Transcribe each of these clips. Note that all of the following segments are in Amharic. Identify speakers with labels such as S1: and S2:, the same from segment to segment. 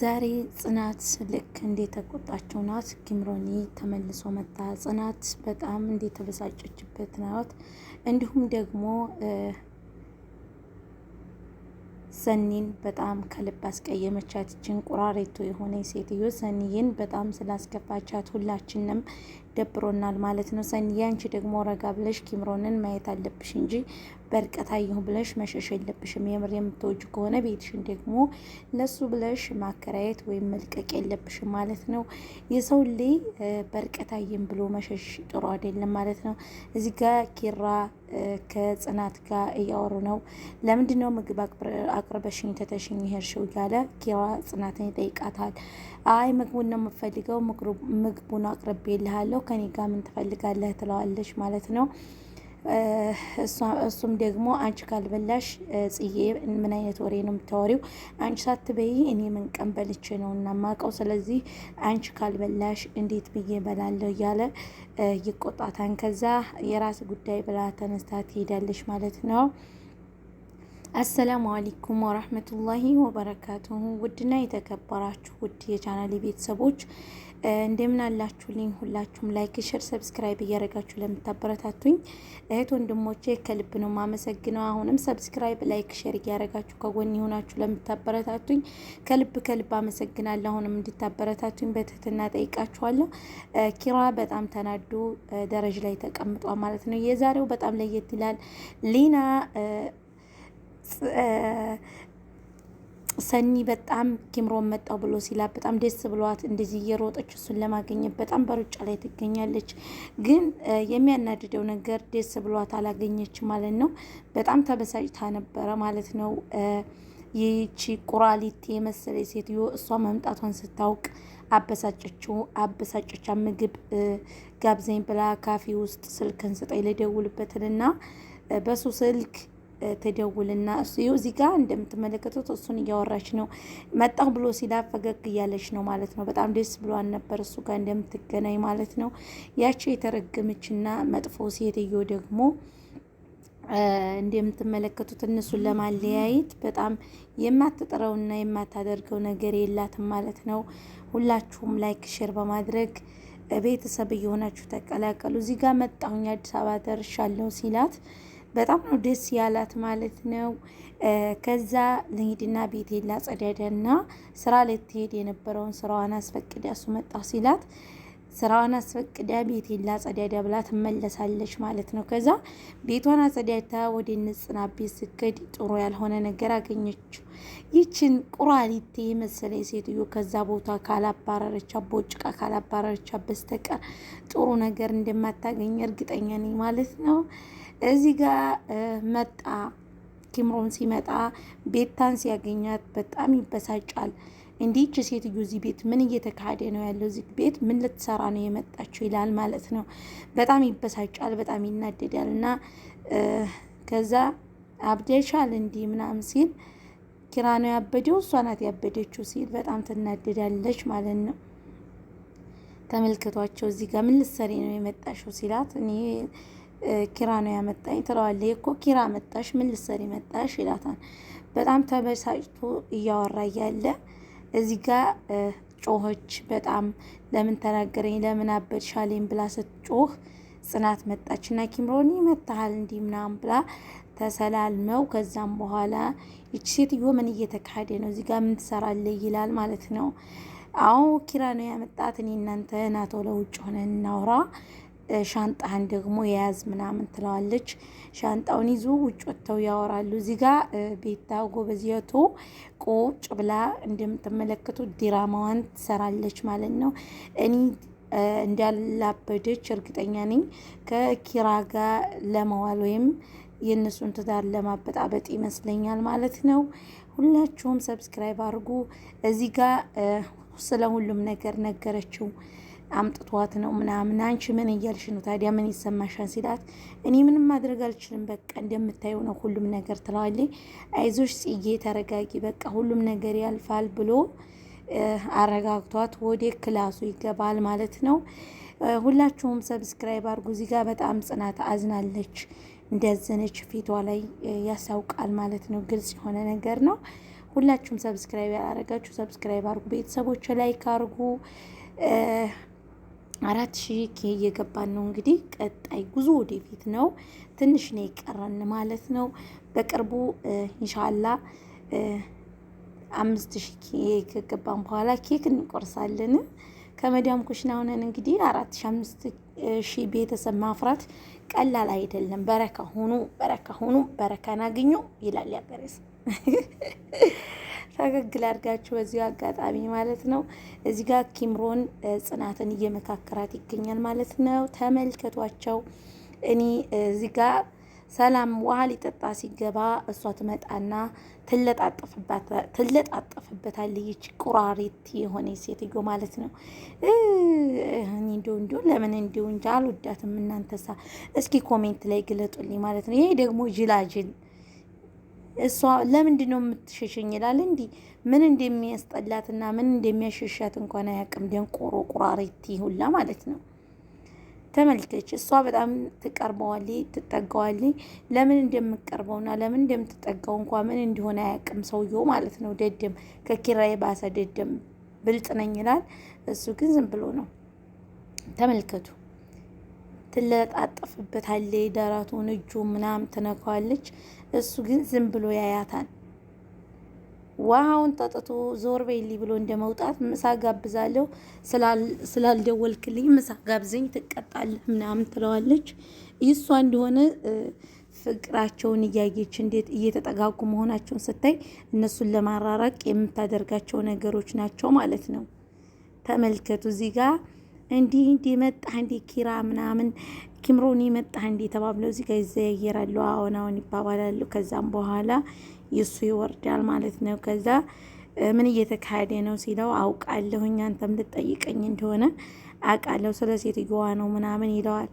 S1: ዛሬ ጽናት ልክ እንደተቆጣቸው ናት። ኪምሮኒ ተመልሶ መጣ። ጽናት በጣም እንደተበሳጨችበት ናት። እንዲሁም ደግሞ ሰኒን በጣም ከልብ አስቀየመቻት። ይችን ቁራሬቱ የሆነ ሴትዮ ሰኒዬን በጣም ስላስከፋቻት ሁላችንም ደብሮናል ማለት ነው። ሰኒ አንቺ ደግሞ ረጋ ብለሽ ኪምሮንን ማየት አለብሽ እንጂ በርቀት አየሁ ብለሽ መሸሽ የለብሽም። የምር የምትወጅ ከሆነ ቤትሽን ደግሞ ለሱ ብለሽ ማከራየት ወይም መልቀቅ የለብሽም ማለት ነው። የሰው ላይ በርቀት አየን ብሎ መሸሽ ጥሩ አይደለም ማለት ነው። እዚህ ጋር ኪራ ከጽናት ጋር እያወሩ ነው። ለምንድን ነው ምግብ አቅርበሽኝ ተተሽኝ ይሄርሽው እያለ ኪራ ጽናትን ይጠይቃታል። አይ ምግቡን ነው የምፈልገው፣ ምግቡን አቅርቤ ልሃለሁ፣ ከኔ ጋር ምን ትፈልጋለህ? ትለዋለች ማለት ነው። እሱም ደግሞ አንቺ ካልበላሽ ጽዬ ምን አይነት ወሬ ነው የምታወሪው? አንቺ ሳትበይ እኔ ምን ቀን በልቼ ነው እና ማቀው? ስለዚህ አንቺ ካልበላሽ እንዴት ብዬ በላለሁ እያለ ይቆጣታን። ከዛ የራስ ጉዳይ ብላ ተነስታ ትሄዳለች ማለት ነው። አሰላሙ አለይኩም ወራህመቱላሂ ወበረካቱሁ። ውድና የተከበራችሁ ውድ የቻናሌ ቤተሰቦች እንደምን አላችሁልኝ ሁላችሁም ላይክ ሸር ሰብስክራይብ እያደረጋችሁ ለምታበረታቱኝ እህት ወንድሞቼ ከልብ ነው ማመሰግነው። አሁንም ሰብስክራይብ ላይክ ሸር እያደረጋችሁ ከጎን የሆናችሁ ለምታበረታቱኝ ከልብ ከልብ አመሰግናለሁ። አሁንም እንድታበረታቱኝ በትህትና ጠይቃችኋለሁ። ኪራ በጣም ተናዶ ደረጅ ላይ ተቀምጧ ማለት ነው። የዛሬው በጣም ለየት ይላል። ሊና ሰኒ በጣም ኪምሮን መጣው ብሎ ሲላ በጣም ደስ ብሏት እንደዚህ እየሮጠች እሱን ለማገኘት በጣም በሩጫ ላይ ትገኛለች። ግን የሚያናድደው ነገር ደስ ብሏት አላገኘች ማለት ነው። በጣም ተበሳጭታ ነበረ ማለት ነው። ይቺ ቁራሊት የመሰለ ሴትዮ እሷ መምጣቷን ስታውቅ አበሳጨችው። አበሳጨቻ ምግብ ጋብዘኝ ብላ ካፌ ውስጥ ስልክን ስጠኝ ልደውልበትንና በሱ ስልክ ትደውልና እሱ ይኸው እዚህ ጋር እንደምትመለከቱት እሱን እያወራች ነው። መጣሁ ብሎ ሲላ ፈገግ እያለች ነው ማለት ነው። በጣም ደስ ብሏን ነበር እሱ ጋር እንደምትገናኝ ማለት ነው። ያቸው የተረገመችና መጥፎ ሴትዮ ደግሞ እንደምትመለከቱት እነሱን ለማለያየት በጣም የማትጥረውና የማታደርገው ነገር የላትም ማለት ነው። ሁላችሁም ላይክ ሼር በማድረግ ቤተሰብ እየሆናችሁ ተቀላቀሉ። እዚህ ጋር መጣሁኝ አዲስ አበባ ደርሻለሁ ሲላት በጣም ነው ደስ ያላት ማለት ነው። ከዛ ልሂድና ቤቴን ላጸዳዳና ስራ ልትሄድ የነበረውን ስራዋን አስፈቅዳ እሱ መጣ ሲላት ስራዋን አስፈቅዳ ቤቴን ላጸዳዳ ብላ ትመለሳለች ማለት ነው። ከዛ ቤቷን አጸዳድታ ወደ ንጽና ቤት ጥሩ ያልሆነ ነገር አገኘችው። ይችን ቁራሊቴ መሰለ ሴትዮ ከዛ ቦታ ካላባረረቻ ቦጭቃ ካላባረረቻ በስተቀር ጥሩ ነገር እንደማታገኝ እርግጠኛ ነኝ ማለት ነው። እዚህ ጋር መጣ። ኪምሮን ሲመጣ ቤታን ሲያገኛት በጣም ይበሳጫል። እንዲች ሴትዮ እዚህ ቤት ምን እየተካሄደ ነው ያለው? እዚህ ቤት ምን ልትሰራ ነው የመጣችው? ይላል ማለት ነው። በጣም ይበሳጫል፣ በጣም ይናደዳል። እና ከዛ አብደሻል እንዲህ ምናምን ሲል ኪራ ነው ያበደው እሷ ናት ያበደችው ሲል በጣም ትናደዳለች ማለት ነው። ተመልክቷቸው እዚህ ጋር ምን ልትሰሪ ነው የመጣችው ሲላት እኔ ኪራ ነው ያመጣኝ ትለዋለ እኮ ኪራ መጣሽ፣ ምን ልትሰሪ መጣሽ ይላታል። በጣም ተበሳጭቶ እያወራ እያለ እዚህ ጋር ጮኸች። በጣም ለምን ተናገረኝ፣ ለምን አበድ ብላ ስትጮህ ጽናት መጣች እና ኪምሮኒ መታሃል እንዲህ ምናምን ብላ ተሰላልመው ከዛም በኋላ ይቺ ሴትዮ ምን እየተካሄደ ነው እዚህ ጋር ምን ትሰራለህ? ይላል ማለት ነው። አዎ ኪራ ነው ያመጣት። እኔ እናንተ ናቶ ለውጭ ሆነን እናውራ ሻንጣህን ደግሞ የያዝ ምናምን ትለዋለች። ሻንጣውን ይዞ ውጭ ወጥተው ያወራሉ። እዚህ ጋ ቤታ ጎበዝየቶ ቁጭ ብላ እንደምትመለከቱት ዲራማዋን ትሰራለች ማለት ነው። እኔ እንዳላበደች እርግጠኛ ነኝ። ከኪራ ጋር ለመዋል ወይም የእነሱን ትዳር ለማበጣበጥ ይመስለኛል ማለት ነው። ሁላችሁም ሰብስክራይብ አድርጉ። እዚህ ጋ ስለ ሁሉም ነገር ነገረችው። አምጥቷት ነው ምናምን። አንቺ ምን እያልሽ ነው ታዲያ? ምን ይሰማሻን? ሲላት እኔ ምንም ማድረግ አልችልም፣ በቃ እንደምታየው ነው ሁሉም ነገር ትለዋለች። አይዞሽ ጽጌ ተረጋጊ፣ በቃ ሁሉም ነገር ያልፋል ብሎ አረጋግቷት ወደ ክላሱ ይገባል ማለት ነው። ሁላችሁም ሰብስክራይብ አድርጉ። እዚህ ጋር በጣም ጽናት አዝናለች፣ እንዳዘነች ፊቷ ላይ ያሳውቃል ማለት ነው። ግልጽ የሆነ ነገር ነው። ሁላችሁም ሰብስክራይብ ያላረጋችሁ ሰብስክራይብ አድርጉ። ቤተሰቦች ላይክ አድርጉ። አራት ሺህ ኬ እየገባን ነው እንግዲህ ቀጣይ ጉዞ ወደፊት ነው። ትንሽ ነው የቀረን ማለት ነው። በቅርቡ ኢንሻላ አምስት ሺህ ኬ ከገባን በኋላ ኬክ እንቆርሳለን። ከመዲያም ኩሽና ሆነን እንግዲህ አራት ሺህ አምስት ሺህ ቤተሰብ ማፍራት ቀላል አይደለም። በረካ ሆኑ በረካ ሆኑ በረካን አግኙ ይላል ያገሬ ሰው። ፈገግ ላድርጋችሁ በዚሁ አጋጣሚ ማለት ነው። እዚህ ጋር ኪምሮን ጽናትን እየመካከራት ይገኛል ማለት ነው። ተመልከቷቸው። እኔ እዚህ ጋር ሰላም ውሃ ሊጠጣ ሲገባ እሷ ትመጣና ትለጣጠፍበታል። ይች ቁራሪት የሆነ ሴትዮ ማለት ነው። እንዲሁ እንዲሁ ለምን እንዲሁ እንጂ አልወዳትም። እናንተሳ እስኪ ኮሜንት ላይ ግለጡልኝ ማለት ነው። ይሄ ደግሞ ጅላጅል እሷ ለምንድን ነው የምትሸሸኝ ይላል። እንዲ ምን እንደሚያስጠላትና ምን እንደሚያሸሻት እንኳን አያውቅም። ደንቆሮ ቁራሪቲ ሁላ ማለት ነው። ተመልከች፣ እሷ በጣም ትቀርበዋል፣ ትጠጋዋል። ለምን እንደምቀርበውና ለምን እንደምትጠጋው እንኳ ምን እንደሆነ አያውቅም ሰውየው ማለት ነው። ደደም ከኪራይ ባሰ ደደም ብልጥ ነኝ ይላል። እሱ ግን ዝም ብሎ ነው። ተመልከቱ። ትለጣጠፍበታለች፣ ደረቱን፣ እጁ ምናምን ትነካዋለች። እሱ ግን ዝም ብሎ ያያታል። ውሃውን ጠጥቶ ዞር በይሊ ብሎ እንደ መውጣት ምሳ ጋብዛለሁ ስላልደወልክልኝ ምሳ ጋብዘኝ ትቀጣለህ ምናምን ትለዋለች። ይሷ እንደሆነ ፍቅራቸውን እያየች እንዴት እየተጠጋጉ መሆናቸውን ስታይ እነሱን ለማራራቅ የምታደርጋቸው ነገሮች ናቸው ማለት ነው። ተመልከቱ እዚህ ጋር እንዲህ እንዲህ መጣህ እንዲህ ኪራ ምናምን ኪምሮኒ መጣህ እንዲህ ተባብለው እዚህ ጋር ይዘያየራሉ። አሁን አሁን ይባባላሉ። ከዛም በኋላ ይሱ ይወርዳል ማለት ነው። ከዛ ምን እየተካሄደ ነው ሲለው አውቃለሁኝ አንተም ልጠይቀኝ እንደሆነ አውቃለሁ ስለ ሴትዮዋ ነው ምናምን ይለዋል።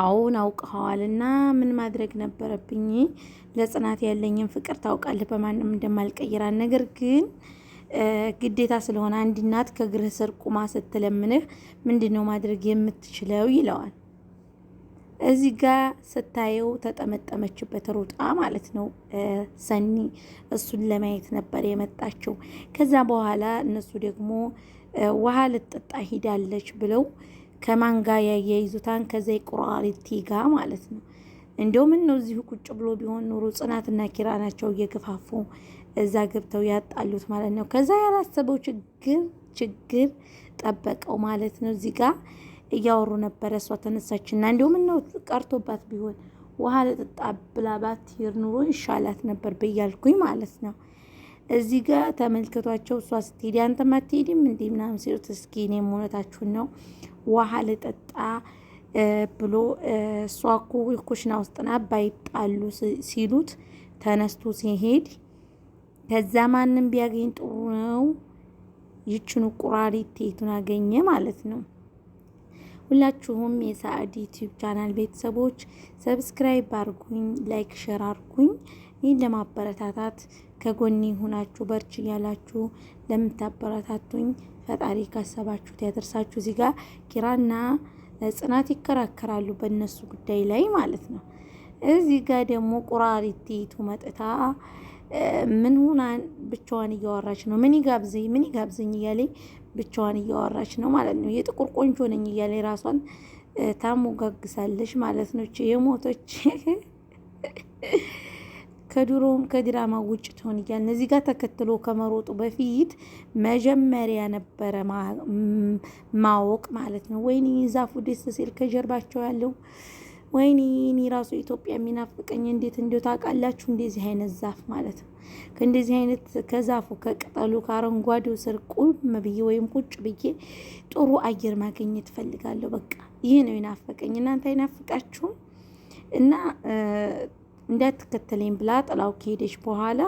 S1: አሁን አውቀዋል እና ምን ማድረግ ነበረብኝ? ለጽናት ያለኝን ፍቅር ታውቃለህ፣ በማንም እንደማልቀይራል ነገር ግን ግዴታ ስለሆነ አንድ እናት ከእግርህ ስር ቁማ ስትለምንህ ምንድን ነው ማድረግ የምትችለው ይለዋል። እዚህ ጋር ስታየው ተጠመጠመችበት ሩጣ ማለት ነው። ሰኒ እሱን ለማየት ነበር የመጣችው። ከዛ በኋላ እነሱ ደግሞ ውሃ ልትጠጣ ሂዳለች ብለው ከማን ጋር ያያይዙታን ከዘይ ቁራሪቲ ጋር ማለት ነው። እንዲሁም ነው እዚሁ ቁጭ ብሎ ቢሆን ኑሮ ጽናትና ኪራ ናቸው እየገፋፉ እዛ ገብተው ያጣሉት ማለት ነው። ከዛ ያላሰበው ችግር ችግር ጠበቀው ማለት ነው። እዚህ ጋር እያወሩ ነበረ። እሷ ተነሳችና እንዲሁም ነው ቀርቶባት ቢሆን ውሃ ለጠጣ ብላ ባትሄድ ኑሮ ይሻላት ነበር ብያልኩኝ ማለት ነው። እዚህ ጋ ተመልክቷቸው እሷ ስትሄድ አንተም አትሄድም እንዲህ ምናምን ሲሉት እስኪ እኔም እውነታችሁን ነው ውሃ ለጠጣ ብሎ እሷ እኮ ኩሽና ውስጥና ባይጣሉ ሲሉት ተነስቶ ሲሄድ ከዛ ማንም ቢያገኝ ጥሩ ነው። ይችኑ ቁራሪት የቱን አገኘ ማለት ነው። ሁላችሁም የሳዕድ ዩቲዩብ ቻናል ቤተሰቦች ሰብስክራይብ አርጉኝ፣ ላይክ ሸር አርጉኝ። ይህን ለማበረታታት ከጎኒ ሁናችሁ በርች እያላችሁ ለምታበረታቱኝ ፈጣሪ ካሰባችሁት ያደርሳችሁ። እዚህ ጋር ኪራና ጽናት ይከራከራሉ በእነሱ ጉዳይ ላይ ማለት ነው። እዚህ ጋር ደግሞ ቁራሪቲቱ መጥታ ምን ሁና ብቻዋን እያወራች ነው? ምን ይጋብዘኝ፣ ምን ይጋብዘኝ እያለኝ ብቻዋን እያወራች ነው ማለት ነው። የጥቁር ቆንጆ ነኝ እያለኝ ራሷን ታሞጋግሳለች ማለት ነው። የሞቶች ከድሮም ከድራማ ውጭ ትሆን እያልን እዚህ ጋር ተከትሎ ከመሮጡ በፊት መጀመሪያ ነበረ ማወቅ ማለት ነው። ወይኔ ዛፉ ደስ ሲል ከጀርባቸው ያለው ወይኔ እኔ ራሱ ኢትዮጵያ የሚናፍቀኝ እንዴት እንዲ ታውቃላችሁ፣ እንደዚህ አይነት ዛፍ ማለት ነው። ከእንደዚህ አይነት ከዛፉ ከቅጠሉ ከአረንጓዴው ስር ቁም ብዬ ወይም ቁጭ ብዬ ጥሩ አየር ማገኘት እፈልጋለሁ። በቃ ይህ ነው ይናፈቀኝ። እናንተ አይናፍቃችሁም? እና እንዳትከተለኝ ብላ ጥላው ከሄደች በኋላ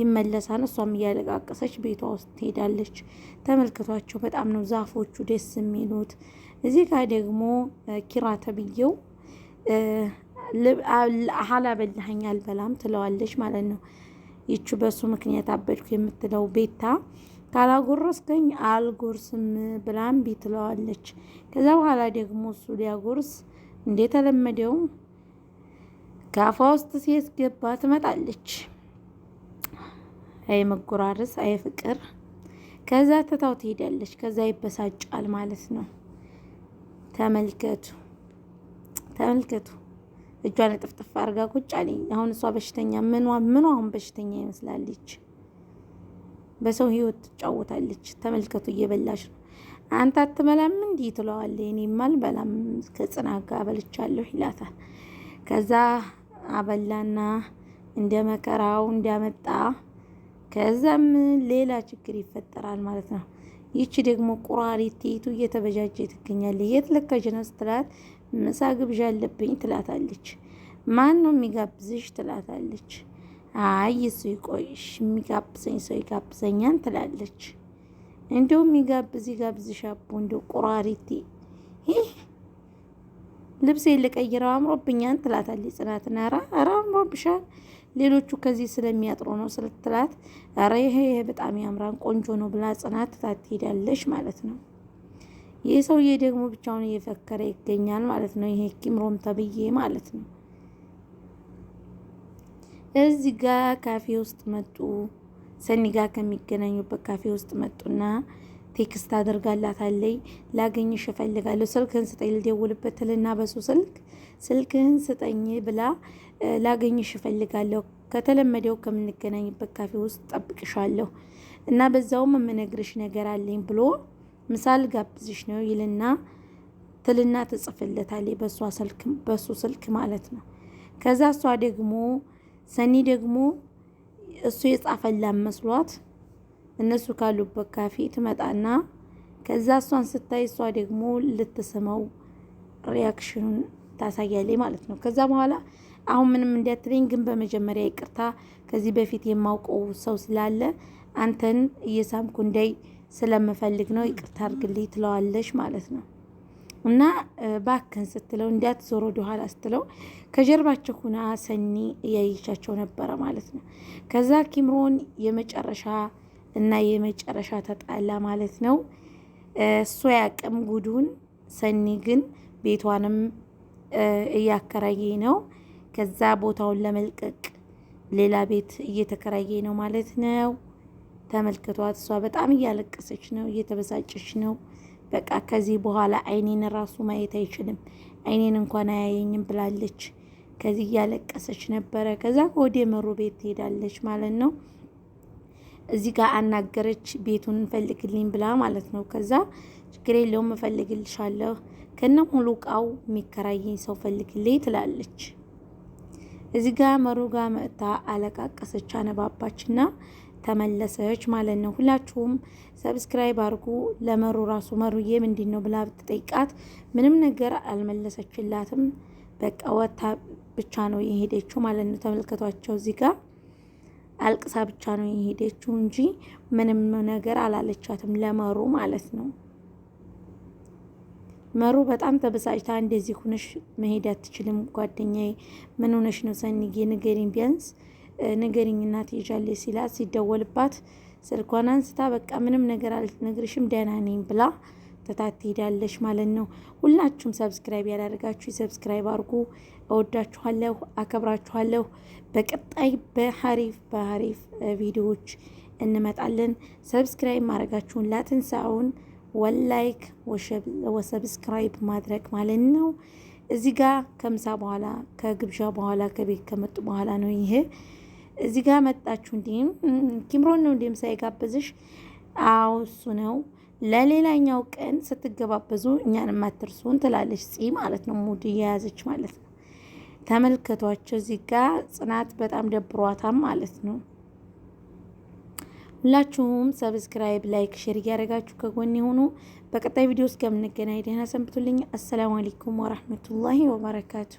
S1: ይመለሳል። እሷም እያለቃቀሰች ቤቷ ውስጥ ትሄዳለች። ተመልክቷቸው በጣም ነው ዛፎቹ ደስ የሚሉት። እዚህ ጋር ደግሞ ኪራ ተብዬው ሀላ በላኸኝ አልበላም ትለዋለች ማለት ነው። ይቹ በሱ ምክንያት አበድኩ የምትለው ቤታ ካላጎረስከኝ አልጎርስም ብላ ቢትለዋለች። ትለዋለች። ከዛ በኋላ ደግሞ እሱ ሊያጎርስ እንደተለመደው ከአፏ ውስጥ ሲያስገባ ትመጣለች። አይ መጎራረስ፣ አይ ፍቅር። ከዛ ትታው ትሄዳለች። ከዛ ይበሳጫል ማለት ነው። ተመልከቱ። ተመልከቱ። እጇን ጥፍጥፍ አድርጋ ቁጭ አለኝ። አሁን እሷ በሽተኛ ምኗ ምኗ አሁን በሽተኛ ይመስላለች። በሰው ህይወት ትጫወታለች። ተመልከቱ፣ እየበላሽ ነው። አንተ አትበላም እንዲህ ትለዋለች። እኔማ አልበላም ከጽናት ጋር በልቻለሁ ይላታል። ከዛ አበላና እንደ መከራው እንዳመጣ ከዛም ሌላ ችግር ይፈጠራል ማለት ነው። ይቺ ደግሞ ቁራሪት ቴቱ እየተበጃጀ ትገኛለች። የት ለካጅ ነው ስትላት ምሳ ግብዣ አለብኝ ትላታለች። ማን ነው የሚጋብዝሽ ትላታለች። አይ እሱ ይቆይሽ የሚጋብዘኝ ሰው ይጋብዘኛን ትላለች። እንደው የሚጋብዝ ይጋብዝሽ አቦ እንደው ቆራሪቴ ይህ ልብሴ ልቀይረው አምሮብኛን ትላታለች። ጽናትን ኧረ ኧረ አምሮብሻል ሌሎቹ ከዚህ ስለሚያጥሩ ነው ስትላት፣ ኧረ ይሄ በጣም ያምራን ቆንጆ ነው ብላ ጽናት ትታት ትሄዳለች ማለት ነው። ይህ ሰውዬ ደግሞ ብቻውን እየፈከረ ይገኛል ማለት ነው። ይሄ ኪምሮም ተብዬ ማለት ነው። እዚህ ጋር ካፌ ውስጥ መጡ። ሰኒ ጋር ከሚገናኙበት ካፌ ውስጥ መጡና ቴክስት አደርጋላታለይ ላገኝሽ እፈልጋለሁ፣ ስልክህን ስጠኝ ልደውልበት ትልና በሱ ስልክ ስልክህን ስጠኝ ብላ ላገኝሽ እፈልጋለሁ፣ ከተለመደው ከምንገናኝበት ካፌ ውስጥ ጠብቅሻለሁ እና በዛውም የምነግርሽ ነገር አለኝ ብሎ ምሳል ጋብዝሽ ነው ይልና ትልና ትጽፍለታለች ስልክ በእሱ ስልክ ማለት ነው። ከዛ እሷ ደግሞ ሰኒ ደግሞ እሱ የጻፈላን መስሏት እነሱ ካሉበት ካፌ ትመጣና ከዛ እሷን ስታይ እሷ ደግሞ ልትስመው ሪያክሽኑን ታሳያለች ማለት ነው። ከዛ በኋላ አሁን ምንም እንዲያትለኝ ግን በመጀመሪያ ይቅርታ ከዚህ በፊት የማውቀው ሰው ስላለ አንተን እየሳምኩ እንዳይ ስለምፈልግ ነው ይቅርታ አድርግልኝ ትለዋለች ማለት ነው። እና ባክን ስትለው ወደ ኋላ ስትለው ከጀርባቸው ሁና ሰኒ እያየቻቸው ነበረ ማለት ነው። ከዛ ኪምሮን የመጨረሻ እና የመጨረሻ ተጣላ ማለት ነው። እሱ ያቅም ጉዱን ሰኒ ግን ቤቷንም እያከራየ ነው። ከዛ ቦታውን ለመልቀቅ ሌላ ቤት እየተከራየ ነው ማለት ነው። ተመልክቷት እሷ በጣም እያለቀሰች ነው፣ እየተበሳጨች ነው። በቃ ከዚህ በኋላ አይኔን ራሱ ማየት አይችልም፣ አይኔን እንኳን አያየኝም ብላለች። ከዚህ እያለቀሰች ነበረ። ከዛ ወደ መሩ ቤት ትሄዳለች ማለት ነው። እዚህ ጋር አናገረች፣ ቤቱን እንፈልግልኝ ብላ ማለት ነው። ከዛ ችግር የለውም እፈልግልሻለሁ፣ ከነ ሙሉ እቃው የሚከራየኝ ሰው ፈልግልኝ ትላለች። እዚህ ጋር መሩ ጋር መጥታ አለቃቀሰች፣ አነባባች ተመለሰች ማለት ነው። ሁላችሁም ሰብስክራይብ አድርጉ። ለመሩ ራሱ መሩዬ ምንድን ነው ብላ ብትጠይቃት ምንም ነገር አልመለሰችላትም። በቃ ወታ ብቻ ነው የሄደችው ማለት ነው። ተመልከቷቸው እዚህ ጋር አልቅሳ ብቻ ነው የሄደችው እንጂ ምንም ነገር አላለቻትም ለመሩ ማለት ነው። መሩ በጣም ተበሳጭታ እንደዚህ ሁነሽ መሄድ አትችልም ጓደኛዬ፣ ምን ሆነሽ ነው ሰንዬ ንገሪኝ ቢያንስ ንገሪኝና ትሄጃለሽ ሲላት ሲደወልባት ስልኳን አንስታ በቃ ምንም ነገር አልነግርሽም ደህና ነኝ ብላ ትታት ትሄዳለች ማለት ነው። ሁላችሁም ሰብስክራይብ ያላደረጋችሁ ሰብስክራይብ አድርጉ። እወዳችኋለሁ፣ አከብራችኋለሁ። በቀጣይ በሀሪፍ በሀሪፍ ቪዲዮዎች እንመጣለን። ሰብስክራይብ ማድረጋችሁን ላትንሳውን ወላይክ ወሰብስክራይብ ማድረግ ማለት ነው። እዚህ ጋር ከምሳ በኋላ ከግብዣ በኋላ ከቤት ከመጡ በኋላ ነው ይሄ እዚህ ጋር መጣችሁ። እንዲህም ኪምሮን ነው እንዲህም ሳይጋብዝሽ? አዎ እሱ ነው። ለሌላኛው ቀን ስትገባበዙ እኛንም አትርሱን ትላለች ፂ ማለት ነው። ሙድ እየያዘች ማለት ነው። ተመልከቷቸው። እዚህ ጋር ጽናት በጣም ደብሯታም ማለት ነው። ሁላችሁም ሰብስክራይብ፣ ላይክ፣ ሼር እያደረጋችሁ ከጎን የሆኑ በቀጣይ ቪዲዮ እስከምንገናኝ ደህና ሰንብቱልኝ። አሰላሙ አለይኩም ወራህመቱላሂ ወበረካቱ።